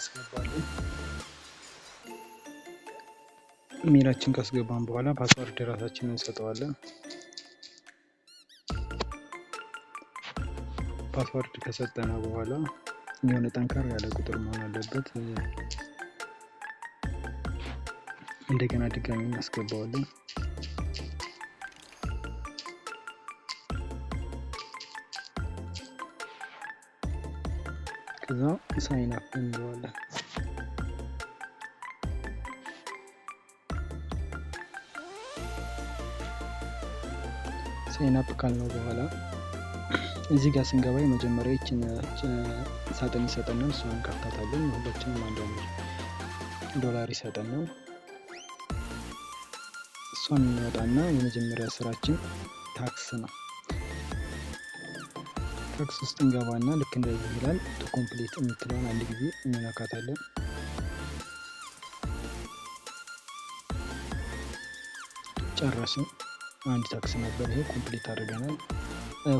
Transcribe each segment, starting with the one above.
አስገባለን። ሜላችን ካስገባን በኋላ ፓስወርድ ራሳችንን እንሰጠዋለን። ፓስወርድ ከሰጠነ በኋላ የሆነ ጠንካራ ያለ ቁጥር መሆን አለበት። እንደገና ድጋሚ እናስገባዋለን። ከዛ ሳይን አፕ እንለዋለን። ሳይን አፕ ካልነው በኋላ እዚህ ጋር ስንገባ የመጀመሪያ ይችን ሳጥን ይሰጠናል። እሷን ካፍታታለን ሁላችንም አንድ ዶላር ይሰጠናል። እሷን እንወጣና የመጀመሪያ ስራችን ታክስ ነው። ትራክ ሶስት እንገባና ልክ እንደዚህ ይላል ቱ ኮምፕሊት የምትለውን አንድ ጊዜ እንነካታለን። ጨረስን። አንድ ታክስ ነበር ይሄ ኮምፕሊት አድርገናል።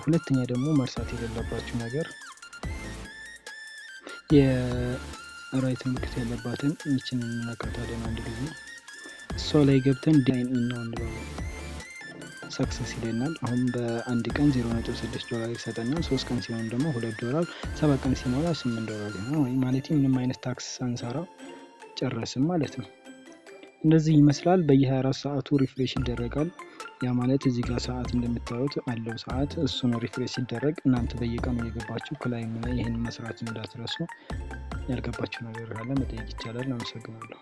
ሁለተኛ ደግሞ መርሳት የሌለባችሁ ነገር የራይት ምልክት ያለባትን ይችን እንነካታለን አንድ ጊዜ እሷ ላይ ገብተን ዲዛይን ነው እንለዋለን ሰክሰስ ይለናል። አሁን በአንድ ቀን 0.6 ዶላር ይሰጠናል። ሶስት ቀን ሲሆን ደግሞ ሁለት ዶላር፣ ሰባት ቀን ሲሞላ ስምንት ዶላር ይሆናል። ወይም ማለት ምንም አይነት ታክስ ሳንሰራ ጨረስም ማለት ነው። እንደዚህ ይመስላል። በየ24 ሰዓቱ ሪፍሬሽ ይደረጋል። ያ ማለት እዚህ ጋር ሰዓት እንደምታዩት አለው ሰዓት፣ እሱን ሪፍሬሽ ሲደረግ እናንተ በየቀኑ እየገባችሁ ክላይም ላይ ይህን መስራት እንዳትረሱ። ያልገባችሁ ነገር ካለ መጠየቅ ይቻላል። አመሰግናለሁ።